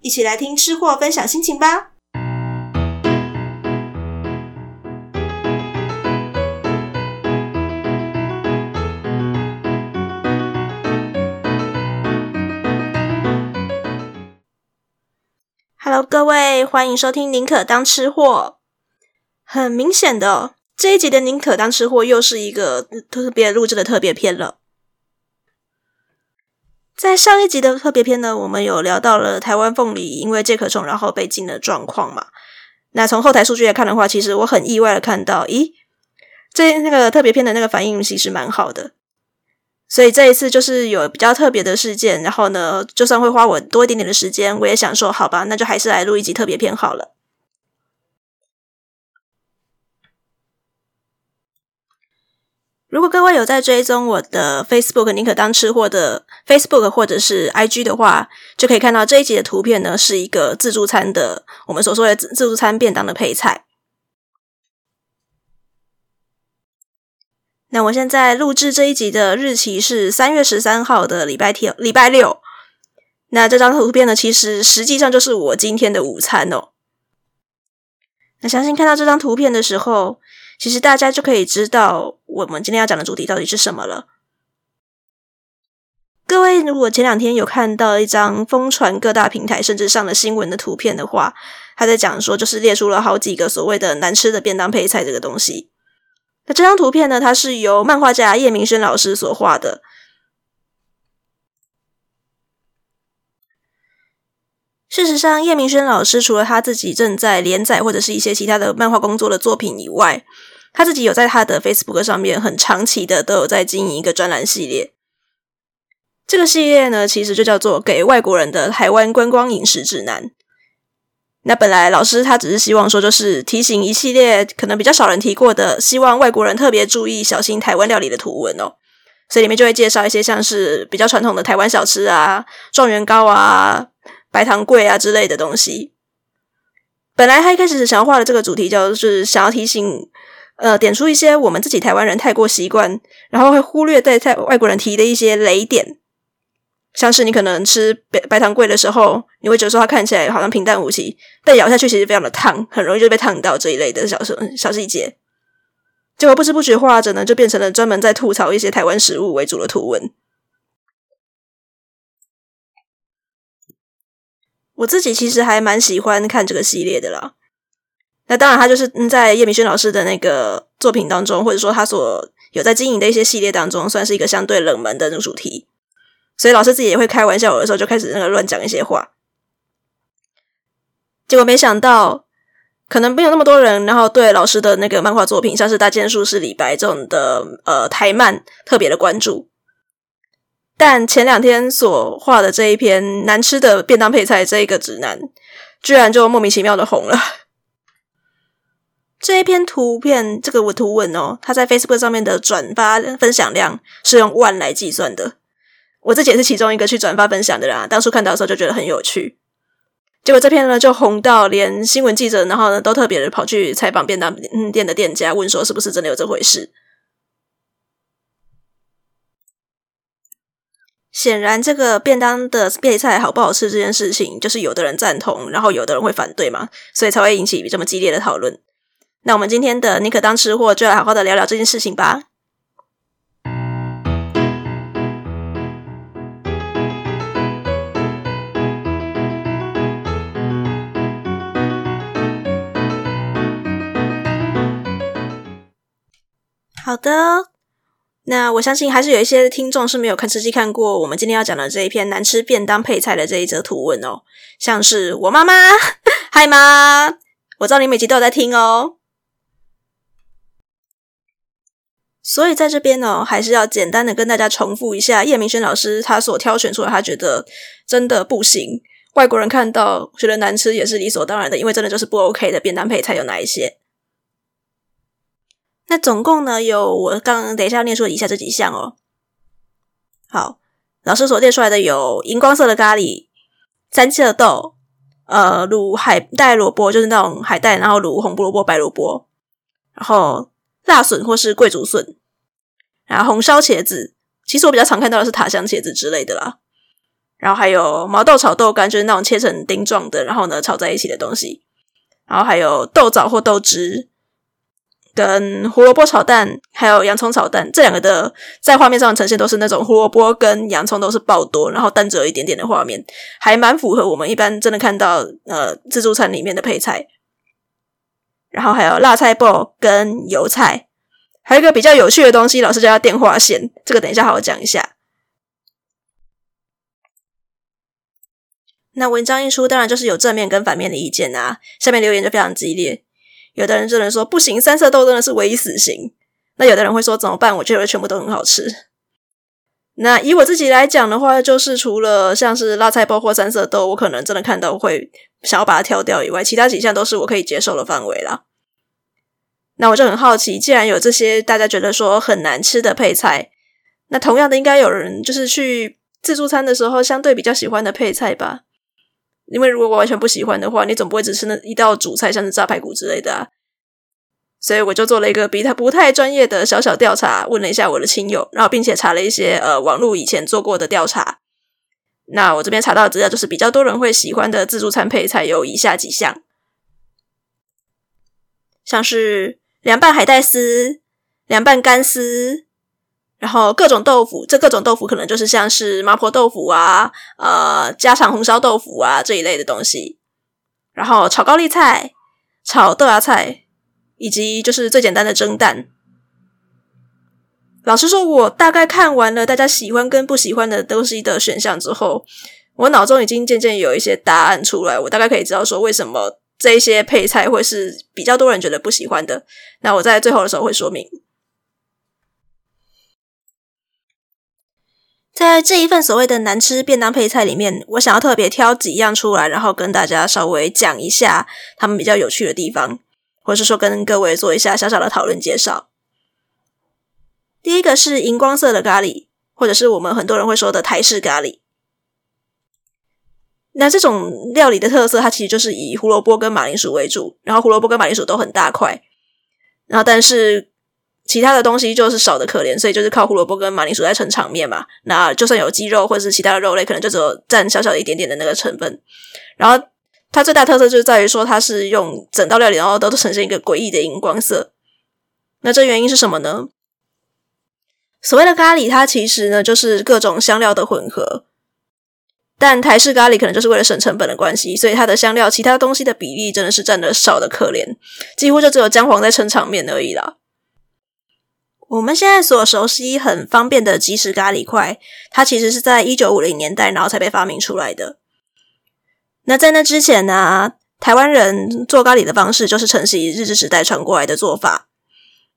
一起來聽吃貨分享心情吧！Hello，各位，歡迎收聽《寧可當吃貨》。很明顯的，這一集的《寧可當吃貨》又是一個特別錄制的特別篇了。在上一集的特別篇呢，我們有聊到了台灣鳳梨因為介殼蟲然後被禁的狀況嘛。那從後台數據來看的話，其實我很意外的看到，咦，這那個特別篇的那個反應其實蠻好的。所以這一次就是有比較特別的事件，然後呢，就算會花我多一點點的時間，我也想說，好吧，那就還是來錄一集特別篇好了。如果各位有在追蹤我的 Facebook“ 寧可當吃貨”的 Facebook 或者是 IG 的話，就可以看到這一集的圖片呢，是一個自助餐的，我們所說的自助餐便當的配菜。那我現在錄製這一集的日期是三月十三號的禮拜天，禮拜六。那這張圖片呢，其實實際上就是我今天的午餐哦。那相信看到這張圖片的時候，其實大家就可以知道我們今天要講的主題到底是什麼了。各位，如果前兩天有看到一張瘋傳各大平台甚至上了新聞的圖片的話，他在講說，就是列出了好幾個所謂的難吃的便當配菜這個東西。那這張圖片呢，它是由漫畫家葉明軒老師所畫的。事實上，葉明軒老師除了他自己正在連載或者是一些其他的漫畫工作的作品以外，他自己有在他的 Facebook 上面很長期的都有在經營一個專欄系列。這個系列呢，其實就叫做《給外國人的台灣觀光飲食指南》。那本來老師他只是希望說，就是提醒一系列可能比較少人提過的，希望外國人特別注意、小心台灣料理的圖文哦。所以裡面就會介紹一些像是比較傳統的台灣小吃啊、狀元糕啊。白糖粿啊之類的東西，本來他一開始是想要畫的這個主題，就是想要提醒，呃，點出一些我們自己台灣人太過習慣，然後會忽略對在外國人提的一些雷點，像是你可能吃白白糖粿的時候，你會覺得說它看起來好像平淡無奇，但咬下去其實非常的燙，很容易就被燙到這一類的小事小細節。結果不知不覺畫着呢，就變成了專門在吐槽一些台灣食物為主的圖文。我自己其實還蠻喜歡看這個系列的啦。那當然，他就是在葉明軒老師的那個作品當中，或者說他所有在經營的一些系列當中，算是一個相對冷門的那種主題。所以老師自己也會開玩笑，有的時候就開始那個亂講一些話。結果沒想到，可能沒有那麼多人，然後對老師的那個漫畫作品，像是《大仙術士李白》這種的，呃，台漫，特別的關注。但前兩天所畫的這一篇難吃的便當配菜這一個指南，居然就莫名其妙的紅了。這一篇圖片，這個我圖文哦，它在 Facebook 上面的轉發分享量是用萬來計算的。我自己也是其中一個去轉發分享的人啊，當初看到的時候就覺得很有趣。結果這篇呢就紅到連新聞記者，然後呢都特別的跑去採訪便當店的店家，問說是不是真的有這回事。顯然，這個便當的配菜好不好吃這件事情，就是有的人贊同，然後有的人會反對嘛，所以才會引起這麼激烈的討論。那我們今天的寧可當吃貨，就來好好的聊聊這件事情吧。好的哦。那我相信還是有一些聽眾是沒有看仔細，看過我們今天要講的這一篇難吃便當配菜的這一則圖文哦，像是我媽媽，呵呵嗨，媽我知道你每集都有在聽哦，所以在這邊哦，還是要簡單的跟大家重複一下葉明軒老師他所挑選出來，他覺得真的不行，外國人看到覺得難吃也是理所當然的，因為真的就是不 OK 的便當配菜有哪一些？那總共呢，有我剛剛等一下要列出以下這幾項哦。好，老師所列出來的有熒光色的咖喱、三色豆、呃滷海帶蘿蔔，就是那種海帶，然後滷紅蘿蔔、白蘿蔔，然後辣筍或是桂竹筍，然後紅燒茄子，其實我比較常看到的是塔香茄子之類的啦。然後還有毛豆炒豆干，就是那種切成丁狀的，然後呢炒在一起的東西。然後還有豆棗或豆汁。跟胡蘿蔔炒蛋，還有洋蔥炒蛋這兩個的，在畫面上呈現都是那種胡蘿蔔跟洋蔥都是爆多，然後蛋只有一點點的畫面，還蠻符合我們一般真的看到呃自助餐裡面的配菜。然後還有辣菜爆跟油菜，還有一個比較有趣的東西，老師叫它電話線，這個等一下好好講一下。那文章一出，當然就是有正面跟反面的意見啊，下面留言就非常激烈。有的人真的說不行，三色豆真的是唯一死刑。那有的人會說，怎麼辦？我覺得全部都很好吃。那以我自己來講的話，就是除了像是辣菜包或三色豆，我可能真的看到會想要把它挑掉以外，其他幾項都是我可以接受的範圍啦。那我就很好奇，既然有這些大家覺得說很難吃的配菜，那同樣的，應該有人就是去自助餐的時候，相對比較喜歡的配菜吧？因為如果我完全不喜歡的話，你總不會只吃那一道主菜，像是炸排骨之類的啊。所以我就做了一個比較不太專業的小小調查，問了一下我的親友，然後並且查了一些呃網絡以前做過的調查。那我這邊查到的資料，就是比較多人會喜歡的自助餐配菜有以下幾項，像是涼拌海帶絲、涼拌乾絲。然後各種豆腐，這各種豆腐可能就是像是麻婆豆腐啊、呃家常紅燒豆腐啊這一類的東西。然後炒高麗菜、炒豆芽菜，以及就是最簡單的蒸蛋。老實說，我大概看完了大家喜歡跟不喜歡的東西的選項之後，我腦中已經漸漸有一些答案出來。我大概可以知道說，為什麼這些配菜會是比較多人覺得不喜歡的。那我在最後的時候會說明。在這一份所謂的難吃便當配菜裡面，我想要特別挑幾樣出來，然後跟大家稍微講一下他們比較有趣的地方，或者是說跟各位做一下小小的討論介紹。第一個是熒光色的咖喱，或者是我們很多人會說的台式咖喱。那這種料理的特色，它其實就是以胡蘿蔔跟馬鈴薯為主，然後胡蘿蔔跟馬鈴薯都很大塊，然後但是。其他的東西就是少的可憐，所以就是靠胡蘿蔔跟馬鈴薯在撐場面嘛。那就算有雞肉或是其他的肉類，可能就只有佔小小一點點的那個成分。然後它最大特色就是在於說，它是用整道料理，然後都呈現一個詭異的熒光色。那這原因是什麼呢？所謂的咖喱，它其實呢就是各種香料的混合。但台式咖喱可能就是為了省成本的關係，所以它的香料其他東西的比例真的是佔的少的可憐，幾乎就只有薑黃在撐場面而已啦。我們現在所熟悉、很方便的即食咖喱塊，它其實是在一九五零年代然後才被發明出來的。那在那之前呢、啊，台灣人做咖喱的方式就是承襲日治時代傳過來的做法，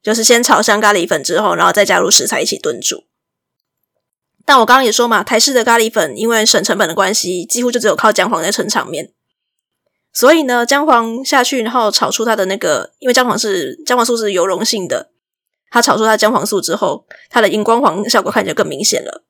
就是先炒香咖喱粉之後，然後再加入食材一起燉煮。但我剛剛也說嘛，台式的咖喱粉因為省成本的關係，幾乎就只有靠薑黃在撐場面。所以呢，薑黃下去然後炒出它的那個，因為薑黃是薑黃素是油溶性的。它炒出它薑黃素之後，它的熒光黃效果看起來更明顯了。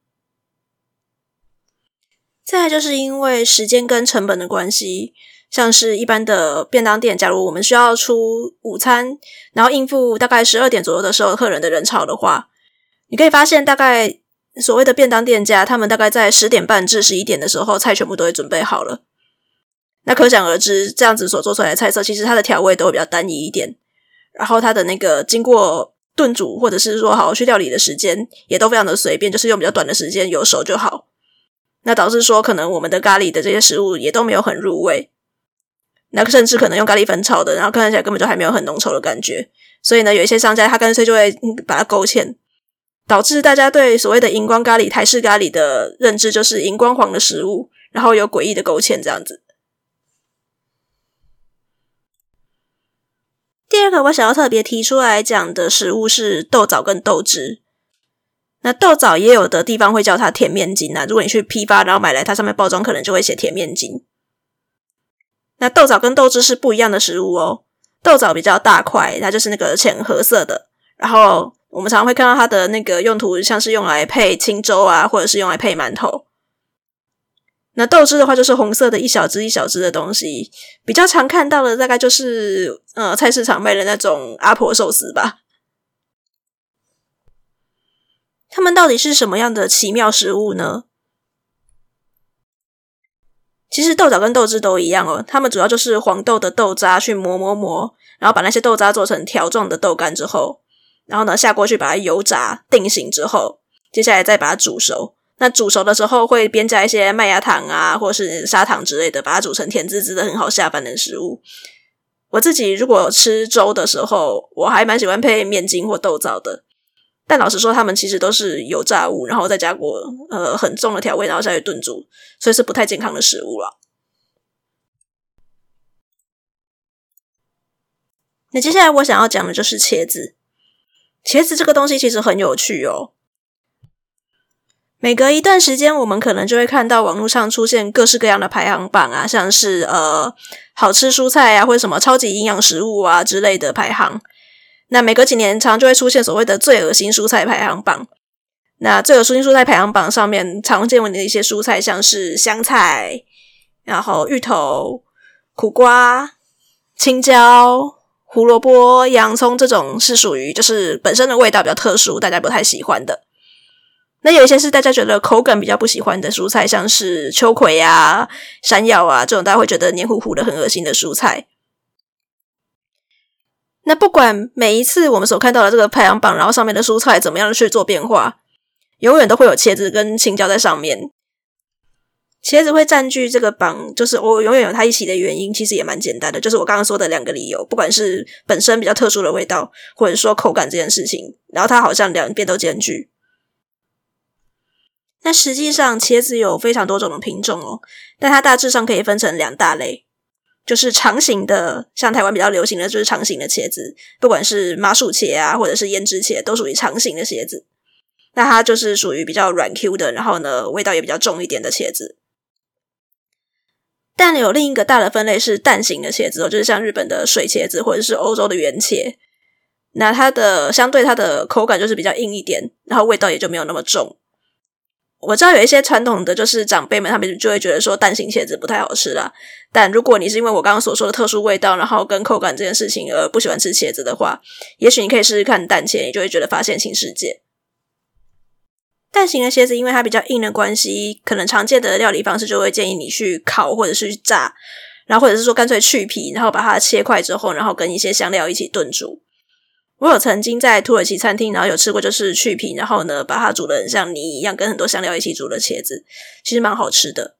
再來，就是因為時間跟成本的關係，像是一般的便當店，假如我們需要出午餐，然後應付大概十二點左右的時候客人的人潮的話，你可以發現，大概所謂的便當店家，他們大概在十點半至十一點的時候，菜全部都會準備好了。那可想而知，這樣子所做出來的菜色，其實它的調味都會比較單一一點，然後它的那個經過。燉煮或者是說，好好去料理的時間，也都非常的隨便，就是用比較短的時間有熟就好。那導致說，可能我們的咖喱的這些食物也都沒有很入味。那甚至可能用咖喱粉炒的，然後看起來根本就還沒有很濃稠的感覺。所以呢，有一些商家他乾脆就會、嗯、把它勾芡，導致大家對所謂的熒光咖喱、台式咖喱的認知，就是熒光黃的食物，然後有詭異的勾芡這樣子。第二個我想要特別提出來講的食物是豆棗跟豆汁。那豆棗也有的地方會叫它甜麵筋啊，如果你去批發，然後買來它上面包裝可能就會寫甜麵筋。那豆棗跟豆汁是不一樣的食物哦。豆棗比較大塊，它就是那個淺褐色的，然後我們常常會看到它的那個用途，像是用來配清粥啊，或者是用來配饅頭。那豆汁的話，就是紅色的一小支一小支的東西，比較常看到的大概就是呃菜市場賣的那種阿婆壽司吧。它們到底是什麼樣的奇妙食物呢？其實豆棗跟豆汁都一樣哦，它們主要就是黃豆的豆渣去磨磨磨，然後把那些豆渣做成條狀的豆乾之後，然後呢下鍋去把它油炸定型之後，接下來再把它煮熟。那煮熟的時候會邊加一些麥芽糖啊，或是砂糖之類的，把它煮成甜滋滋的，很好下飯的食物。我自己如果吃粥的時候，我還蠻喜歡配面筋或豆棗的。但老實說，它們其實都是油炸物，然後再加過呃很重的調味，然後再去燉煮，所以是不太健康的食物了。那、嗯、接下來我想要講的就是茄子。茄子這個東西其實很有趣哦。每隔一段時間，我們可能就會看到網絡上出現各式各樣的排行榜啊，像是呃好吃蔬菜啊，或什麼超級營養食物啊之類的排行。那每隔幾年常常就會出現所謂的最噁心蔬菜排行榜。那最噁心蔬菜排行榜上面常見的一些蔬菜，像是香菜、然後芋頭、苦瓜、青椒、胡蘿蔔、洋蔥，這種是屬於就是本身的味道比較特殊，大家不太喜歡的。那有一些是大家覺得口感比較不喜歡的蔬菜，像是秋葵啊、山藥啊這種，大家會覺得黏糊糊的、很惡心的蔬菜。那不管每一次我們所看到的這個排行榜，然後上面的蔬菜怎麼樣去做變化，永遠都會有茄子跟青椒在上面。茄子會占據這個榜，就是我永遠有它一起的原因，其實也蠻簡單的，就是我剛剛說的兩個理由，不管是本身比較特殊的味道，或者說口感這件事情，然後它好像兩邊都兼具。那實際上，茄子有非常多種的品種哦。但它大致上可以分成兩大類，就是長形的，像台灣比較流行的就是長形的茄子，不管是麻薯茄啊，或者是胭脂茄，都屬於長形的茄子。那它就是屬於比較軟 Q 的，然後呢，味道也比較重一點的茄子。但有另一個大的分類是蛋形的茄子哦，就是像日本的水茄子，或者是歐洲的圓茄。那它的相對，它的口感就是比較硬一點，然後味道也就沒有那麼重。我知道有一些傳統的，就是長輩們他們就會覺得說，蛋形茄子不太好吃啦。但如果你是因為我剛剛所說的特殊味道，然後跟口感這件事情而不喜歡吃茄子的話，也許你可以試試看蛋茄，你就會覺得發現新世界。蛋形的茄子因為它比較硬的關係，可能常見的料理方式就會建議你去烤或者是去炸，然後或者是說乾脆去皮，然後把它切塊之後，然後跟一些香料一起燉煮。我有曾經在土耳其餐廳，然後有吃過就是去皮，然後呢，把它煮得很像泥一樣，跟很多香料一起煮的茄子，其實蠻好吃的。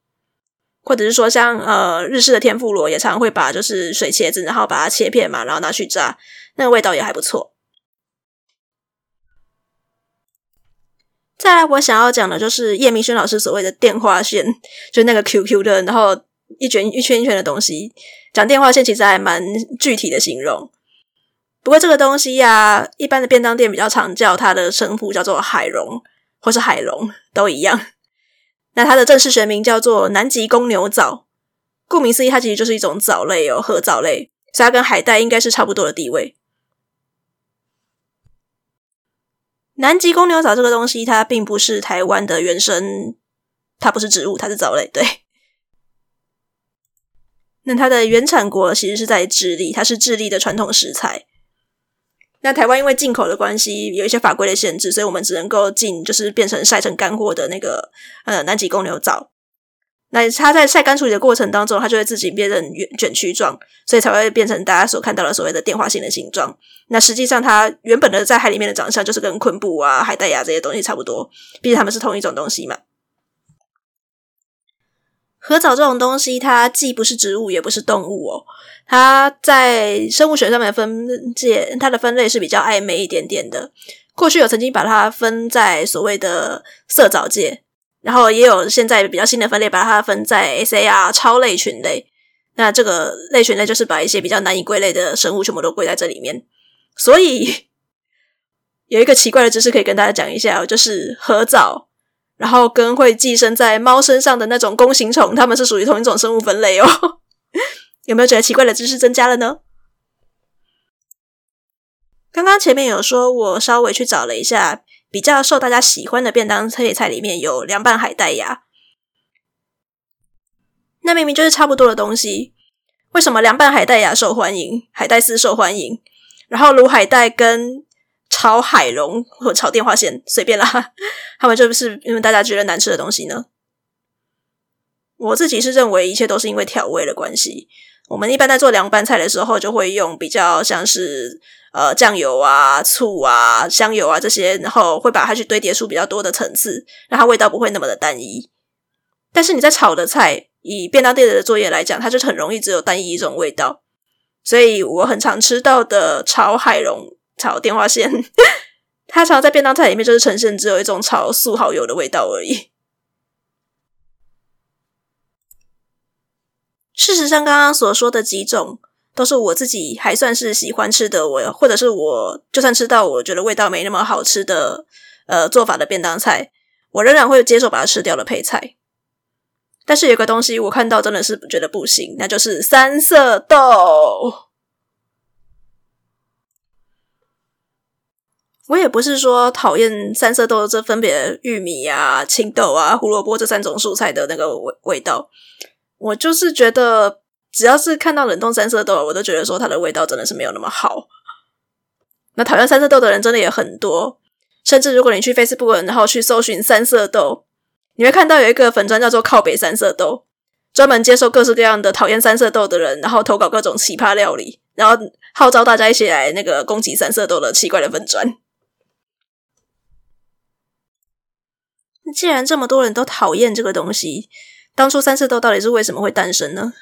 或者是說像，像呃日式的天婦羅也常，常會把就是水茄子，然後把它切片嘛，然後拿去炸，那個味道也還不錯。再來，我想要講的就是葉明軒老師所謂的電話線，就是那個 QQ 的，然後一圈一圈一圈的東西。講電話線其實還蠻具體的形容。不過這個東西呀、啊，一般的便當店比較常叫它的稱呼叫做海茸，或是海茸都一樣。 那它的正式學名叫做南極公牛藻，顧名思義，它其實就是一種藻類哦，褐藻類，所以它跟海帶應該是差不多的地位。南極公牛藻這個東西，它並不是台灣的原生，它不是植物，它是藻類。對。那它的原產國其實是在智利，它是智利的傳統食材。那台灣因為進口的關係，有一些法規的限制，所以我們只能夠進就是變成曬成乾貨的那個呃、嗯、南極公牛藻。那它在曬乾處理的過程當中，它就會自己變成卷曲狀，所以才會變成大家所看到的所謂的電話線的形狀。那實際上它原本的在海裡面的長相就是跟昆布啊、海帶呀、啊、這些東西差不多，畢竟它們是同一種東西嘛。褐藻這種東西，它既不是植物，也不是動物哦。它在生物學上面的分界，它的分類是比較曖昧一點點的。過去有曾經把它分在所謂的色藻界，然後也有現在比較新的分類把它分在 SAR 超類群類。那這個類群類就是把一些比較難以歸類的生物全部都歸在這裡面。所以有一個奇怪的知識可以跟大家講一下，哦，就是褐藻。然後跟會寄生在貓身上的那種弓形蟲，它們是屬於同一種生物分類哦。 有沒有覺得奇怪的知識增加了呢？剛剛前面有說，我稍微去找了一下比較受大家喜歡的便當配菜，裡面有涼拌海帶芽，那明明就是差不多的東西，為什麼涼拌海帶芽受歡迎，海帶絲受歡迎？然後滷海帶跟炒海茸或炒電話線，隨便啦。他們就是因為大家覺得難吃的東西呢。我自己是認為一切都是因為調味的關係。我們一般在做涼拌菜的時候，就會用比較像是呃醬油啊、醋啊、香油啊這些，然後會把它去堆疊出比較多的層次，讓它味道不會那麼的單一。但是你在炒的菜，以便當店的作業來講，它就很容易只有單一一種味道。所以我很常吃到的炒海茸炒電話線，它 常在便當菜裡面，就是呈現只有一種炒素蠔油的味道而已。事實上，剛剛所說的幾種，都是我自己還算是喜歡吃的，我或者是我就算吃到我覺得味道沒那麼好吃的，呃，做法的便當菜，我仍然會接受把它吃掉的配菜。但是有個東西，我看到真的是覺得不行，那就是三色豆。我也不是說討厭三色豆這分別玉米啊、青豆啊、胡蘿蔔這三種蔬菜的那個味味道，我就是覺得只要是看到冷凍三色豆，我都覺得說它的味道真的是沒有那麼好。那討厭三色豆的人真的也很多，甚至如果你去 Facebook，然後去搜尋三色豆，你會看到有一個粉專叫做“靠北三色豆”，專門接受各式各樣的討厭三色豆的人，然後投稿各種奇葩料理，然後號召大家一起來那個攻擊三色豆的奇怪的粉專。既然這麼多人都討厭這個東西，當初三色豆到底是為什麼會誕生呢？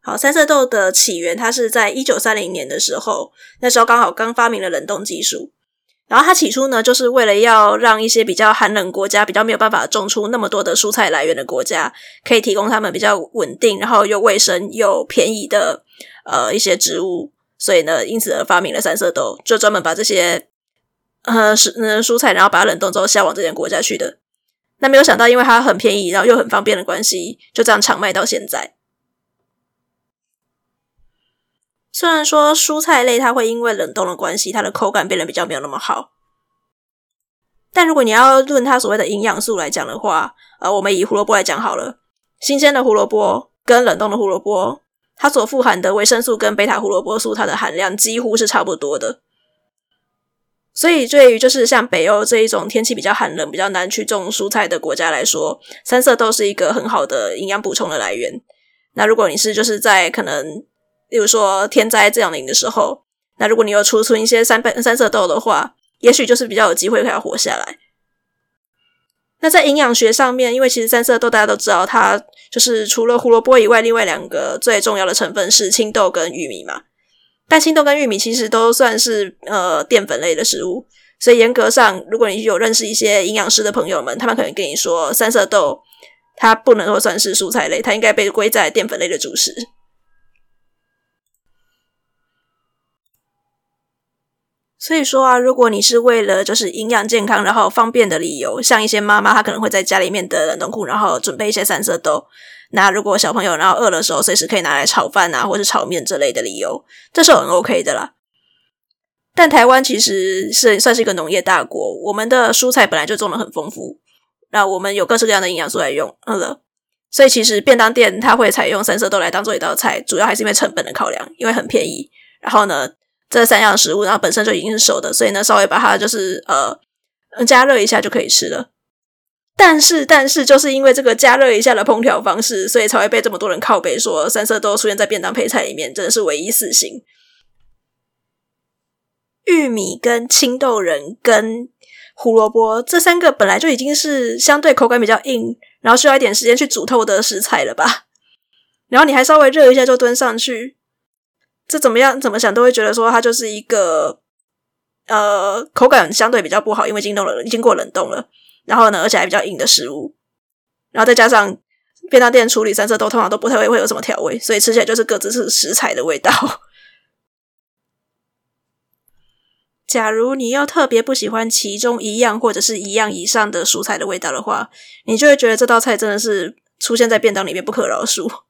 好，三色豆的起源，它是在一九三零年的時候，那時候剛好剛發明了冷凍技術，然後它起初呢，就是為了要讓一些比較寒冷國家、比較沒有辦法種出那麼多的蔬菜來源的國家，可以提供他們比較穩定、然後又衛生又便宜的呃一些植物，所以呢，因此而發明了三色豆，就專門把這些。呃，蔬呃、嗯、蔬菜，然後把它冷凍之後銷往這些國家去的。那沒有想到，因為它很便宜，然後又很方便的關係，就這樣常賣到現在。雖然說蔬菜類它會因為冷凍的關係，它的口感變得比較沒有那麼好。但如果你要論它所謂的營養素來講的話，呃，我們以胡蘿蔔來講好了，新鮮的胡蘿蔔跟冷凍的胡蘿蔔，它所富含的維生素跟貝塔胡蘿蔔素，它的含量幾乎是差不多的。所以，對於就是像北歐這一種天氣比較寒冷，比較難去種蔬菜的國家來說，三色豆是一個很好的營養補充的來源。那如果你是就是在可能，例如說天災這樣的時候，那如果你有儲存一些三三色豆的話，也許就是比較有機會可以活下來。那在營養學上面，因為其實三色豆大家都知道，它就是除了胡蘿卜以外，另外兩個最重要的成分是青豆跟玉米嘛。但青豆跟玉米其實都算是呃澱粉類的食物，所以嚴格上，如果你有認識一些營養師的朋友們，他們可能跟你說，三色豆它不能夠算是蔬菜類，它應該被歸在澱粉類的主食。所以說啊，如果你是為了就是營養健康然後方便的理由，像一些媽媽她可能會在家裡面的冷凍庫然後準備一些三色豆。那如果小朋友然後餓的時候，隨時可以拿來炒飯吶、啊，或是炒麵這類的理由，這是很 OK 的啦。但台灣其實是算是一個農業大國，我們的蔬菜本來就種的很豐富，那我們有各式各樣的營養素來用，好、嗯、了。所以其實便當店它會採用三色豆來當做一道菜，主要還是因為成本的考量，因為很便宜。然後呢，這三樣的食物然後本身就已經是熟的，所以呢稍微把它就是呃加熱一下就可以吃了。但是，但是，就是因為這個加熱一下的烹調方式，所以才會被這麼多人靠北說三色豆出現在便當配菜裡面，真的是唯一死刑。玉米、跟青豆仁、跟胡蘿蔔這三個本來就已經是相對口感比較硬，然後需要一點時間去煮透的食材了吧？然後你還稍微熱一下就端上去，這怎麼樣？怎麼想都會覺得說它就是一個呃口感相對比較不好，因為已經弄了，已經過冷凍了。然後呢，而且還比較硬的食物，然後再加上便當店處理三色豆通常都不太會有什麼調味，所以吃起來就是各自是食材的味道。假如你又特別不喜歡其中一樣或者是一樣以上的蔬菜的味道的話，你就會覺得這道菜真的是出現在便當裡面不可饒恕。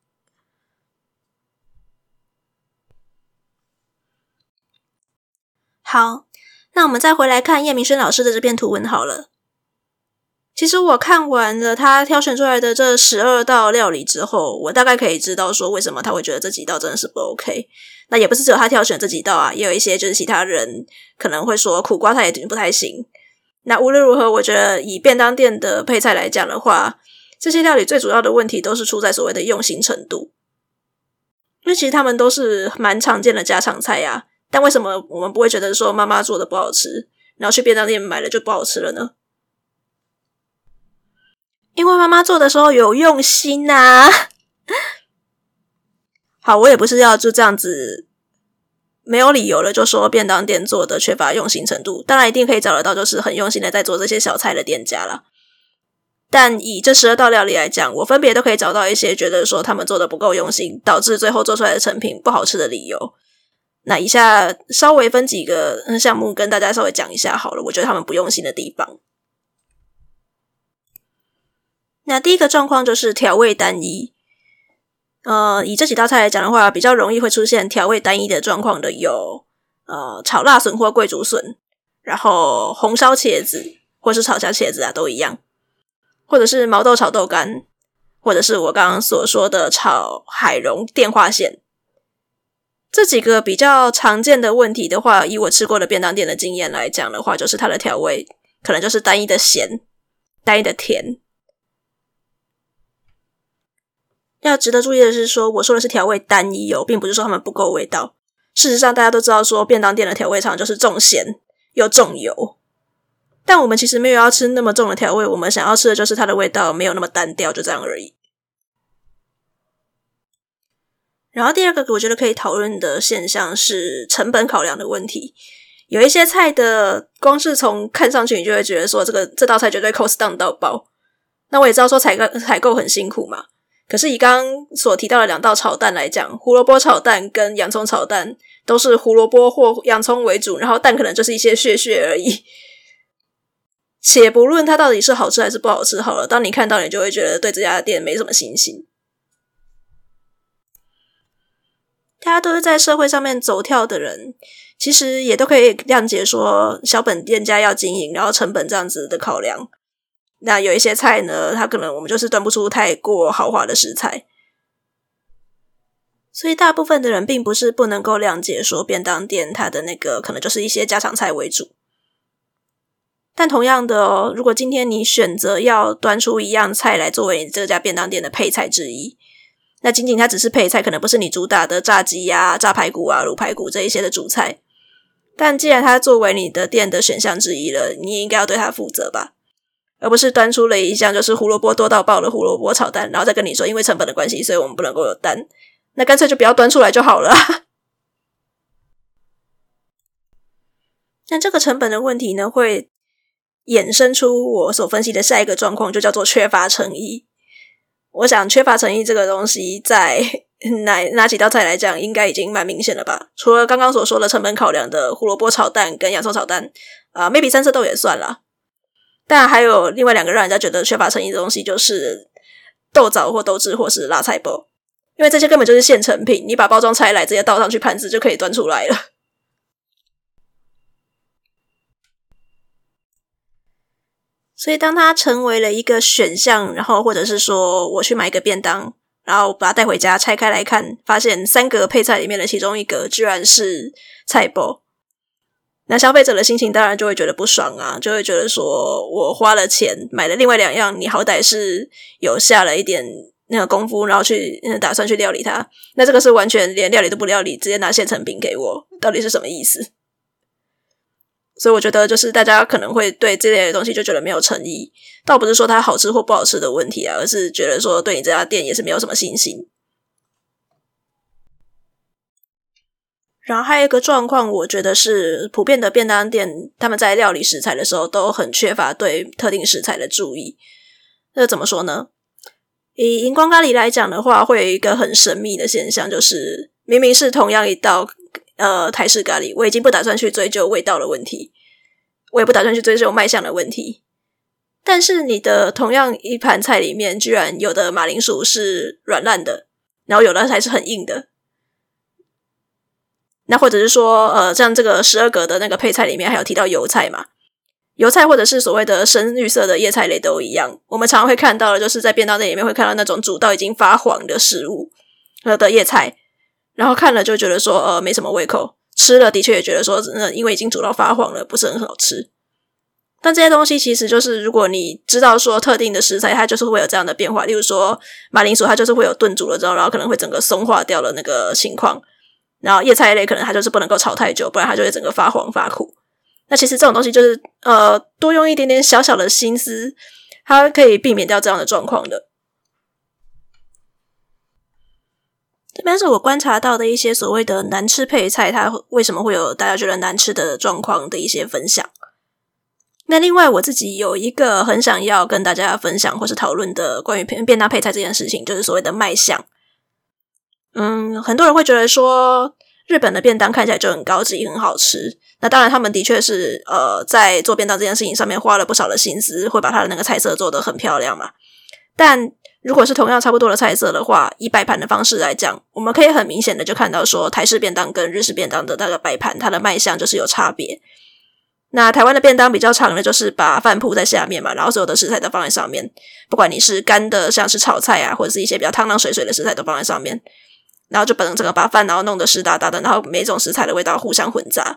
好，那我們再回來看葉明軒老師的這篇圖文好了。其實我看完了他挑選出來的這十二道料理之後，我大概可以知道說為什麼他會覺得這幾道真的是不 OK。那也不是只有他挑選這幾道啊，也有一些就是其他人可能會說苦瓜他也不太行。那無論如何，我覺得以便當店的配菜來講的話，這些料理最主要的問題都是出在所謂的用心程度。因為其實他們都是蠻常見的家常菜呀、啊，但為什麼我們不會覺得說媽媽做的不好吃，然後去便當店買了就不好吃了呢？因為媽媽做的時候有用心吶、啊，好，我也不是要就這樣子沒有理由了，就說便當店做的缺乏用心程度。當然一定可以找得到，就是很用心的在做這些小菜的店家啦。但以這十二道料理來講，我分別都可以找到一些覺得說他們做的不夠用心，導致最後做出來的成品不好吃的理由。那以下稍微分幾個項目跟大家稍微講一下好了，我覺得他們不用心的地方。那第一個狀況就是調味單一。呃，以這幾道菜來講的話，比較容易會出現調味單一的狀況的有，呃，炒辣筍或桂竹筍，然後紅燒茄子或是炒蝦茄子啊，都一樣；或者是毛豆炒豆干，或者是我剛剛所說的炒海茸電話線。這幾個比較常見的問題的話，以我吃過的便當店的經驗來講的話，就是它的調味可能就是單一的鹹，單一的甜。要值得注意的是說，我說的是調味單一油，並不是說它們不夠味道。事實上，大家都知道，說便當店的調味常就是重鹹又重油。但我們其實沒有要吃那麼重的調味，我們想要吃的就是它的味道沒有那麼單調，就這樣而已。然後第二個，我覺得可以討論的現象是成本考量的問題。有一些菜的，光是從看上去，你就會覺得說這個這道菜絕對 cost down 到爆。那我也知道說採購採購很辛苦嘛。可是以剛剛所提到的兩道炒蛋來講，胡蘿蔔炒蛋跟洋蔥炒蛋都是胡蘿蔔或洋蔥為主，然後蛋可能就是一些屑屑而已。且不論它到底是好吃還是不好吃，好了，當你看到你就會覺得對這家店沒什麼信心。大家都是在社會上面走跳的人，其實也都可以諒解，說小本店家要經營，然後成本這樣子的考量。那有一些菜呢，它可能我們就是端不出太過豪華的食材，所以大部分的人並不是不能夠諒解，說便當店它的那個可能就是一些家常菜為主。但同樣的，哦，如果今天你選擇要端出一樣菜來作為你這家便當店的配菜之一，那僅僅它只是配菜，可能不是你主打的炸雞呀、啊、炸排骨啊、滷排骨這一些的主菜。但既然它作為你的店的選項之一了，你應該要對它負責吧。而不是端出了一項，就是胡蘿蔔多到爆的胡蘿蔔炒蛋，然後再跟你說因為成本的關係，所以我們不能夠有蛋，那乾脆就不要端出來就好了。 那這個成本的問題呢，會衍生出我所分析的下一個狀況，就叫做缺乏誠意。我想缺乏誠意這個東西，在哪哪幾道菜來講，應該已經蠻明顯了吧？除了剛剛所說的成本考量的胡蘿蔔炒蛋跟洋蔥炒蛋，啊、呃，maybe 三色豆也算了。但還有另外兩個讓人家覺得缺乏誠意的東西，就是豆棗或豆汁或是辣菜脯，因為這些根本就是現成品，你把包裝拆來直接倒上去盤子就可以端出來了。所以，當它成為了一個選項，然後或者是說我去買一個便當，然後把它帶回家拆開來看，發現三個配菜裡面的其中一個居然是菜脯。那消費者的心情當然就會覺得不爽啊，就會覺得說我花了錢買了另外兩樣，你好歹是有下了一點那個功夫，然後去、嗯、打算去料理它，那這個是完全連料理都不料理，直接拿現成品給我，到底是什麼意思？所以我覺得，就是大家可能會對這類的東西就覺得沒有誠意，倒不是說它好吃或不好吃的問題啊，而是覺得說，對你這家店也是沒有什麼信心。然後還有一個狀況，我覺得是普遍的便當店，他們在料理食材的時候都很缺乏對特定食材的注意。那怎麼說呢？以熒光咖喱來講的話，會有一個很神秘的現象，就是明明是同樣一道呃台式咖喱，我已經不打算去追究味道的問題，我也不打算去追究賣相的問題。但是你的同樣一盤菜裡面，居然有的馬鈴薯是軟爛的，然後有的還是很硬的。那或者是說，呃，像這個十二格的那個配菜裡面，還有提到油菜嘛？油菜或者是所謂的深綠色的葉菜類都一樣。我們常常會看到的，就是在便當店裡面會看到那種煮到已經發黃的食物的、呃、的葉菜，然後看了就覺得說，呃，沒什麼胃口。吃了的確也覺得說，那因為已經煮到發黃了，不是很好吃。但這些東西其實就是，如果你知道說特定的食材，它就是會有這樣的變化。例如說馬鈴薯，它就是會有燉煮了之後，然後可能會整個鬆化掉了那個情況。然後葉菜類可能它就是不能夠炒太久，不然它就會整個發黃發苦。那其實這種東西就是呃，多用一點點小小的心思，它可以避免掉這樣的狀況的。這邊是我觀察到的一些所謂的難吃配菜，它為什麼會有大家覺得難吃的狀況的一些分享。那另外我自己有一個很想要跟大家分享或是討論的關於便便當配菜這件事情，就是所謂的賣相。嗯，很多人會覺得說日本的便當看起來就很高級、很好吃。那當然，他們的確是呃在做便當這件事情上面花了不少的心思，會把他的那個菜色做得很漂亮嘛。但如果是同樣差不多的菜色的話，以擺盤的方式來講，我們可以很明顯的就看到說，台式便當跟日式便當的那個擺盤，它的賣相就是有差別。那台灣的便當比較常的就是把飯鋪在下面嘛，然後所有的食材都放在上面，不管你是乾的，像是炒菜啊，或者是一些比較湯湯水水的食材，都放在上面。然後就把整個把飯，然後弄得濕噠噠的，然後每一種食材的味道互相混雜。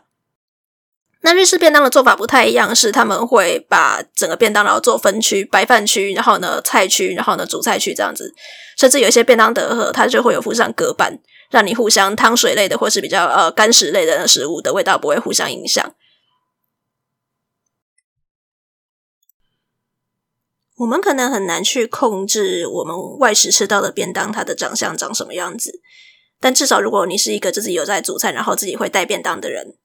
那日式便當的做法不太一樣，是他們會把整個便當然後做分區，白飯區，然後呢菜區，然後呢主菜區這樣子。甚至有一些便當的盒，它就會有附上隔板，讓你互相湯水類的或是比較呃乾食類的食物的味道不會互相影響。我們可能很難去控制我們外食吃到的便當它的長相長什麼樣子，但至少如果你是一個自己有在煮菜，然後自己會帶便當的人，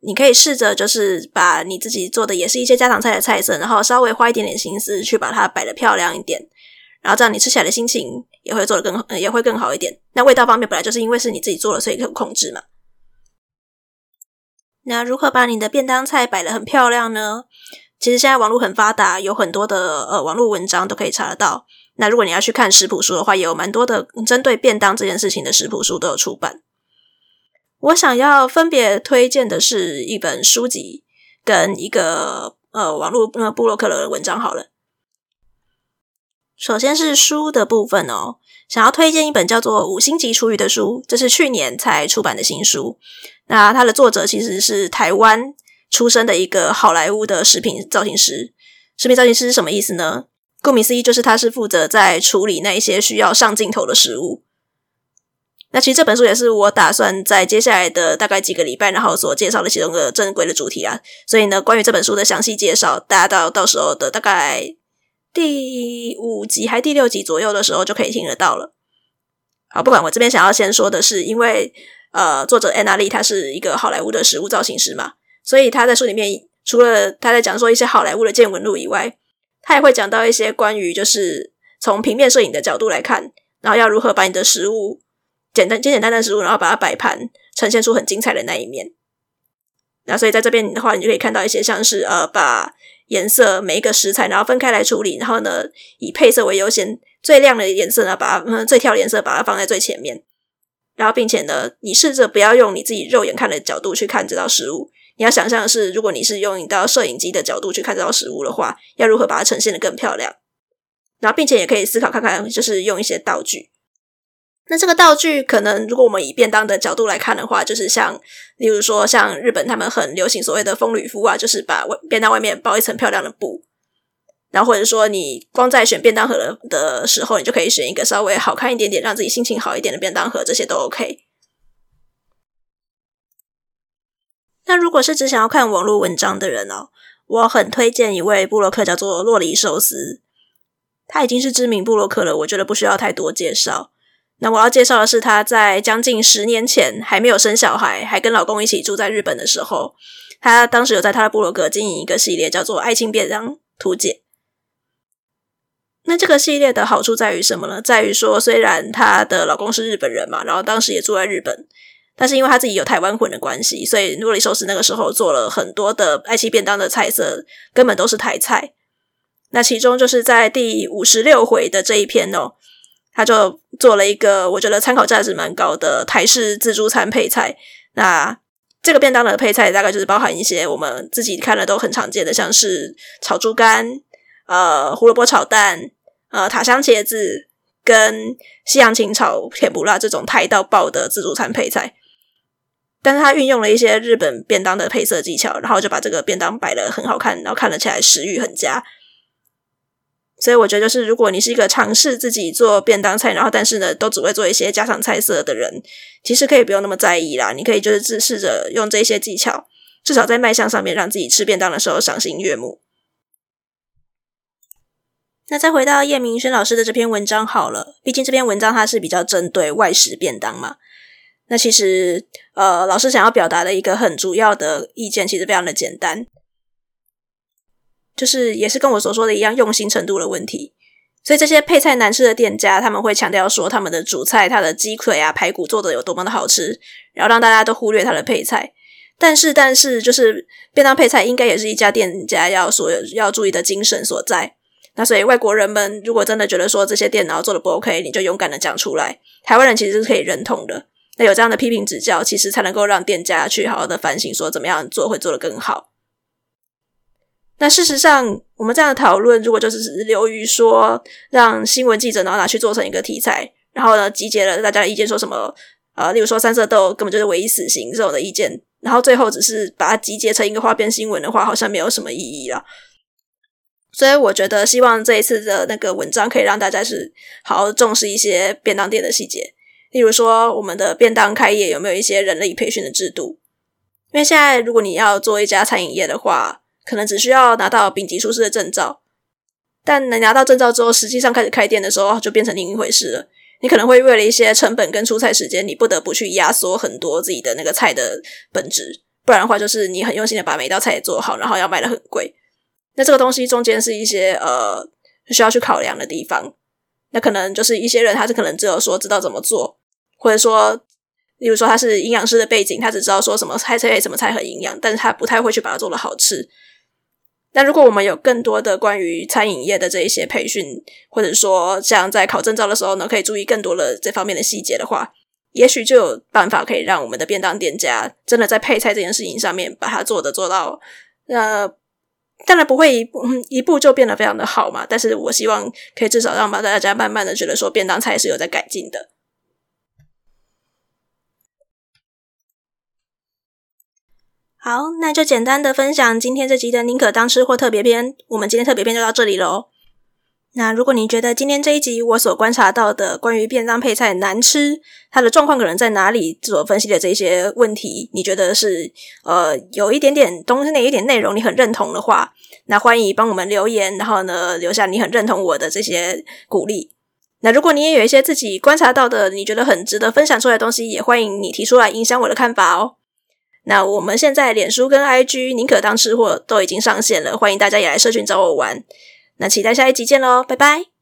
你可以試着就是把你自己做的也是一些家常菜的菜色，然後稍微花一點點心思去把它擺得漂亮一點，然後這樣你吃起來的心情也會做得更、呃、也會更好一點。那味道方面本來就是因為是你自己做的，所以可以控制嘛。那如何把你的便當菜擺得很漂亮呢？其實現在網絡很發達，有很多的呃網絡文章都可以查得到。那如果你要去看食譜書的話，也有蠻多的針對便當這件事情的食譜書都有出版。我想要分別推薦的是一本書籍跟一個呃網絡部落格的文章好了。首先是書的部分哦，想要推薦一本叫做《五星級廚餘》的書，這是去年才出版的新書。那它的作者其實是台灣，出生的一個好萊塢的食品造型師，食品造型師是什麼意思呢？顧名思義，就是他是負責在處理那一些需要上鏡頭的食物。那其實這本書也是我打算在接下來的大概幾個禮拜，然後所介紹的其中一個正規的主題啊。所以呢，關於這本書的詳細介紹，大家到到時候的大概第五集還第六集左右的時候，就可以聽得到了。好，不管我這邊想要先說的是，因為呃，作者安娜麗她是一個好萊塢的食物造型師嘛。所以他在書裡面，除了他在講說一些好萊塢的見聞錄以外，他也會講到一些關於就是從平面攝影的角度來看，然後要如何把你的食物簡單簡簡單單的食物，然後把它擺盤，呈現出很精彩的那一面。那所以在這邊的話，你就可以看到一些像是呃，把顏色每一個食材，然後分開來處理，然後呢，以配色為優先，最亮的顏色呢，把它，最跳的顏色把它放在最前面，然後並且呢，你試着不要用你自己肉眼看的角度去看這道食物。你要想象的是，如果你是用你到攝影機的角度去看這道食物的話，要如何把它呈現得更漂亮？然後，並且也可以思考看看，就是用一些道具。那這個道具，可能如果我們以便當的角度來看的話，就是像，例如說，像日本他們很流行所謂的風呂敷啊，就是把便當外面包一層漂亮的布。然後，或者說，你光在選便當盒的的時候，你就可以選一個稍微好看一點點，讓自己心情好一點的便當盒，這些都 OK。那如果是只想要看網絡文章的人哦，我很推薦一位部落客叫做酪梨壽司，他已經是知名部落客了，我覺得不需要太多介紹。那我要介紹的是他在將近十年前還沒有生小孩，還跟老公一起住在日本的時候，他當時有在他的部落客經營一個系列叫做《愛情便當圖解》。那這個系列的好處在於什麼呢？在於說，雖然他的老公是日本人嘛，然後當時也住在日本。但是因為他自己有台灣魂的關係，所以洛麗收拾那個時候做了很多的愛妻便當的菜色，根本都是台菜。那其中就是在第五十六回的這一篇哦，他就做了一個我覺得參考價值蠻高的台式自助餐配菜。那這個便當的配菜大概就是包含一些我們自己看了都很常見的，像是炒豬肝、呃胡蘿蔔炒蛋、呃塔香茄子跟西洋芹炒甜不辣這種台到爆的自助餐配菜。但是他運用了一些日本便當的配色技巧，然後就把這個便當擺得很好看，然後看了起來食欲很佳。所以我覺得，就是如果你是一個嘗試自己做便當菜，然後但是呢，都只會做一些家常菜色的人，其實可以不用那麼在意啦。你可以就是試試着用這些技巧，至少在賣相上面讓自己吃便當的時候賞心悅目。那再回到葉明軒老師的這篇文章好了，畢竟這篇文章它是比較針對外食便當嘛。那其實，呃，老師想要表達的一個很主要的意見，其實非常的簡單，就是也是跟我所說的一樣，用心程度的問題。所以這些配菜難吃的店家，他們會強調說他們的主菜，他的雞腿啊、排骨做的有多麼的好吃，然後讓大家都忽略他的配菜。但是，但是，就是便當配菜應該也是一家店家要所有要注意的精神所在。那所以，外國人們如果真的覺得說這些店然後做的不 OK，你就勇敢的講出來。台灣人其實是可以認同的。那有這樣的批評指教，其實才能夠讓店家去好好的反省，說怎麼樣做會做得更好。那事實上，我們這樣的討論，如果就是只是流於說讓新聞記者然後拿去做成一個題材，然後呢，集結了大家的意見，說什麼呃，例如說三色豆根本就是唯一死刑這種的意見，然後最後只是把它集結成一個花邊新聞的話，好像沒有什麼意義了。所以我覺得，希望這一次的那個文章可以讓大家是好好重視一些便當店的細節。例如說，我們的便當開業有沒有一些人力培訓的制度？因為現在如果你要做一家餐飲業的話，可能只需要拿到丙級廚師的證照，但能拿到證照之後，實際上開始開店的時候，就變成另一回事了。你可能會為了一些成本跟出菜時間，你不得不去壓縮很多自己的那個菜的本質，不然的話，就是你很用心的把每一道菜也做好，然後要賣的很貴。那這個東西中間是一些呃需要去考量的地方。那可能就是一些人，他是可能只有說知道怎麼做。或者說，例如說他是營養師的背景，他只知道說什麼菜菜什麼菜很營養，但是他不太會去把它做的好吃。那如果我們有更多的關於餐飲業的這一些培訓，或者說像在考證照的時候呢，可以注意更多的這方面的細節的話，也許就有辦法可以讓我們的便當店家，真的在配菜這件事情上面把它做的做到。呃，當然不會一步一步就變得非常的好嘛，但是我希望可以至少讓幫大家慢慢的覺得說，便當菜是有在改進的。好，那就簡單的分享今天這集的寧可當吃貨特別篇。我們今天特別篇就到這裡嘍。那如果你覺得今天這一集我所觀察到的關於便當配菜難吃，它的狀況可能在哪裡，所分析的這些問題，你覺得是呃有一點點東西哪一點內容你很認同的話，那歡迎幫我們留言，然後呢，留下你很認同我的這些鼓勵。那如果你也有一些自己觀察到的，你覺得很值得分享出來的東西，也歡迎你提出來影響我的看法哦。那我們現在臉書跟 IG 寧可當吃貨都已經上線了，歡迎大家也來社群找我玩。那期待下一集見嘍，拜拜。